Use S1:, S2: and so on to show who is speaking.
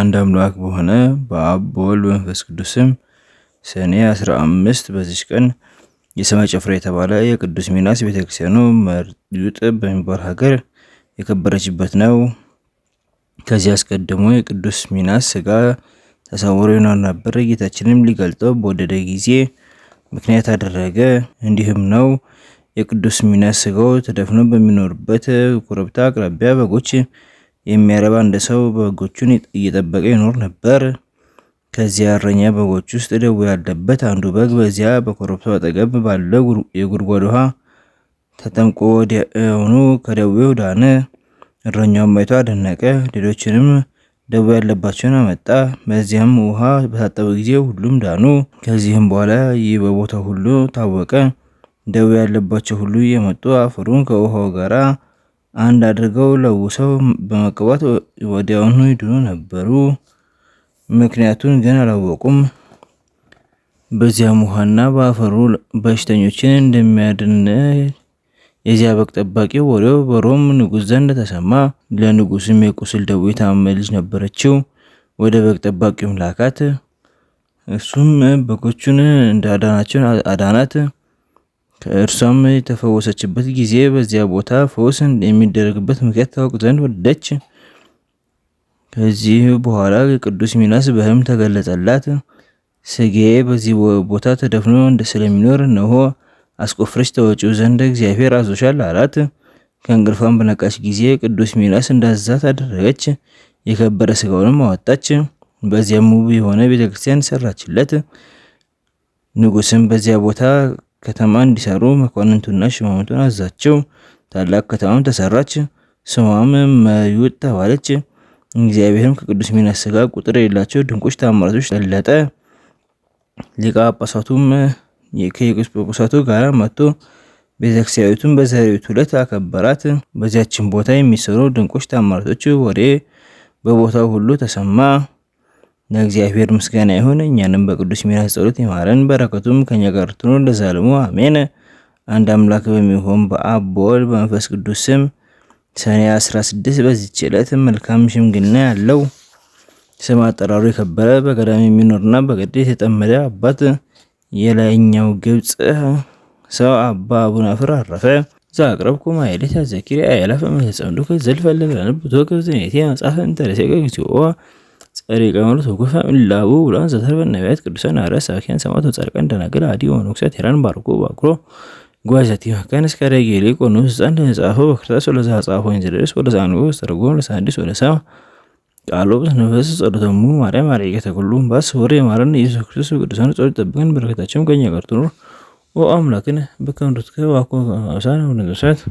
S1: አንድ አምላክ በሆነ በአብ በወልድ በመንፈስ ቅዱስም ሰኔ 15 በዚች ቀን የሰማይ ጭፍራ የተባለ የቅዱስ ሚናስ ቤተክርስቲያኑ መርዩጥ በሚባል ሀገር የከበረችበት ነው። ከዚህ አስቀድሞ የቅዱስ ሚናስ ስጋ ተሰውሮ ይኖር ነበር። ጌታችንም ሊገልጠው በወደደ ጊዜ ምክንያት አደረገ። እንዲህም ነው። የቅዱስ ሚናስ ስጋው ተደፍኖ በሚኖርበት ኮረብታ አቅራቢያ በጎች የሚያረባ እንደ ሰው በጎቹን እየጠበቀ ይኖር ነበር። ከዚያ እረኛ በጎች ውስጥ ደዌ ያለበት አንዱ በግ በዚያ በኮረብታው አጠገብ ባለ የጉድጓድ ውሃ ተጠምቆ ወዲያውኑ ከደዌው ዳነ። እረኛውን አይቶ አደነቀ። ሌሎችንም ደዌ ያለባቸውን አመጣ። በዚያም ውሃ በታጠበ ጊዜ ሁሉም ዳኑ። ከዚህም በኋላ ይህ በቦታው ሁሉ ታወቀ። ደዌ ያለባቸው ሁሉ እየመጡ አፈሩን ከውሃው ጋር አንድ አድርገው ለውሰው በመቀባት ወዲያውኑ ይድኑ ነበሩ። ምክንያቱን ግን አላወቁም። በዚያም ውሃና በአፈሩ በሽተኞችን እንደሚያድን የዚያ በግ ጠባቂ ወሬው በሮም ንጉሥ ዘንድ ተሰማ። ለንጉሥም የቁስል ደዌ ታመ ልጅ ነበረችው። ወደ በግ ጠባቂውም ላካት። እሱም በጎቹን እንዳዳናቸው አዳናት። ከእርሷም የተፈወሰችበት ጊዜ በዚያ ቦታ ፈውስ የሚደረግበት ምክንያት ታወቅ ዘንድ ወደደች። ከዚህ በኋላ ቅዱስ ሚናስ በህም ተገለጸላት። ስጋዬ በዚህ ቦታ ተደፍኖ ስለሚኖር እነሆ አስቆፍረች ተወጪው ዘንድ እግዚአብሔር አዞሻል አላት። ከእንቅልፏም በነቃች ጊዜ ቅዱስ ሚናስ እንዳዛት አደረገች። የከበረ ስጋውንም አወጣች። በዚያም ውብ የሆነ ቤተክርስቲያን ሰራችለት። ንጉስም በዚያ ቦታ ከተማ እንዲሰሩ መኳንንቱና ሹማምንቱን አዛቸው። ታላቅ ከተማም ተሰራች፣ ስሟም መዩጥ ተባለች። እግዚአብሔርም ከቅዱስ ሚናስ ሥጋ ቁጥር የሌላቸው ድንቆች ተአምራቶች ገለጠ። ሊቀ ጳጳሳቱም ከኤጲስቆጶሳቱ ጋር መጥቶ ቤተክርስቲያኒቱን በዛሬቱ ዕለት አከበራት። በዚያችን ቦታ የሚሰሩ ድንቆች ተአምራቶች ወሬ በቦታው ሁሉ ተሰማ። ለእግዚአብሔር ምስጋና ይሁን። እኛንም በቅዱስ ሚራስ ጸሎት ይማረን፣ በረከቱም ከኛ ጋር ትኑር ለዘላለሙ አሜን። አንድ አምላክ በሚሆን በአብ በወልድ በመንፈስ ቅዱስ ስም ሰኔ 16 በዚች ዕለት መልካም ሽምግልና ያለው ስም አጠራሩ የከበረ በገዳም የሚኖርና በገድል የተጠመደ አባት የላይኛው ግብፅ ሰው አባ አቡናፍር አረፈ። ዘአቅረብኩ ማኅሌተ ዘኪርየ አእላፈ እምይጸምዱከ ዘልፈ ለምለነብብ ወክብዝኔቴ መጽሐፈ እንተ ረሴከ እግዚኦ ጸሪቀ ማለት ወጎፈ ምላቡ ብሎን ዘተርበን ነቢያት ቅዱሳን አረ ሳኪያን ሰማቶ ጸርቀን ደናግል አዲ ሆኖ ክሰት ሄራን ባርኮ ባክሮ ጓዛቲ ሀካን እስከ ረጌሌ ቆኖ ስጻን ለጻፈ በክርስቶስ ወለዛ ጻፈ እንዝደርስ ወደ ጻኑ ስተርጎ ለሳዲስ ወደ ሰባ ቃሉ ነፈስ ጸሎተሙ ማርያም አረገ ተኩሉ ባስ ወሬ ማረን ኢየሱስ ክርስቶስ ቅዱሳን ጸሎት ጠብቀን በረከታቸውም ከኛ ጋር ትኑር ኦ አምላክን በከንዱት ዋኮ አሳን ወነዘሳት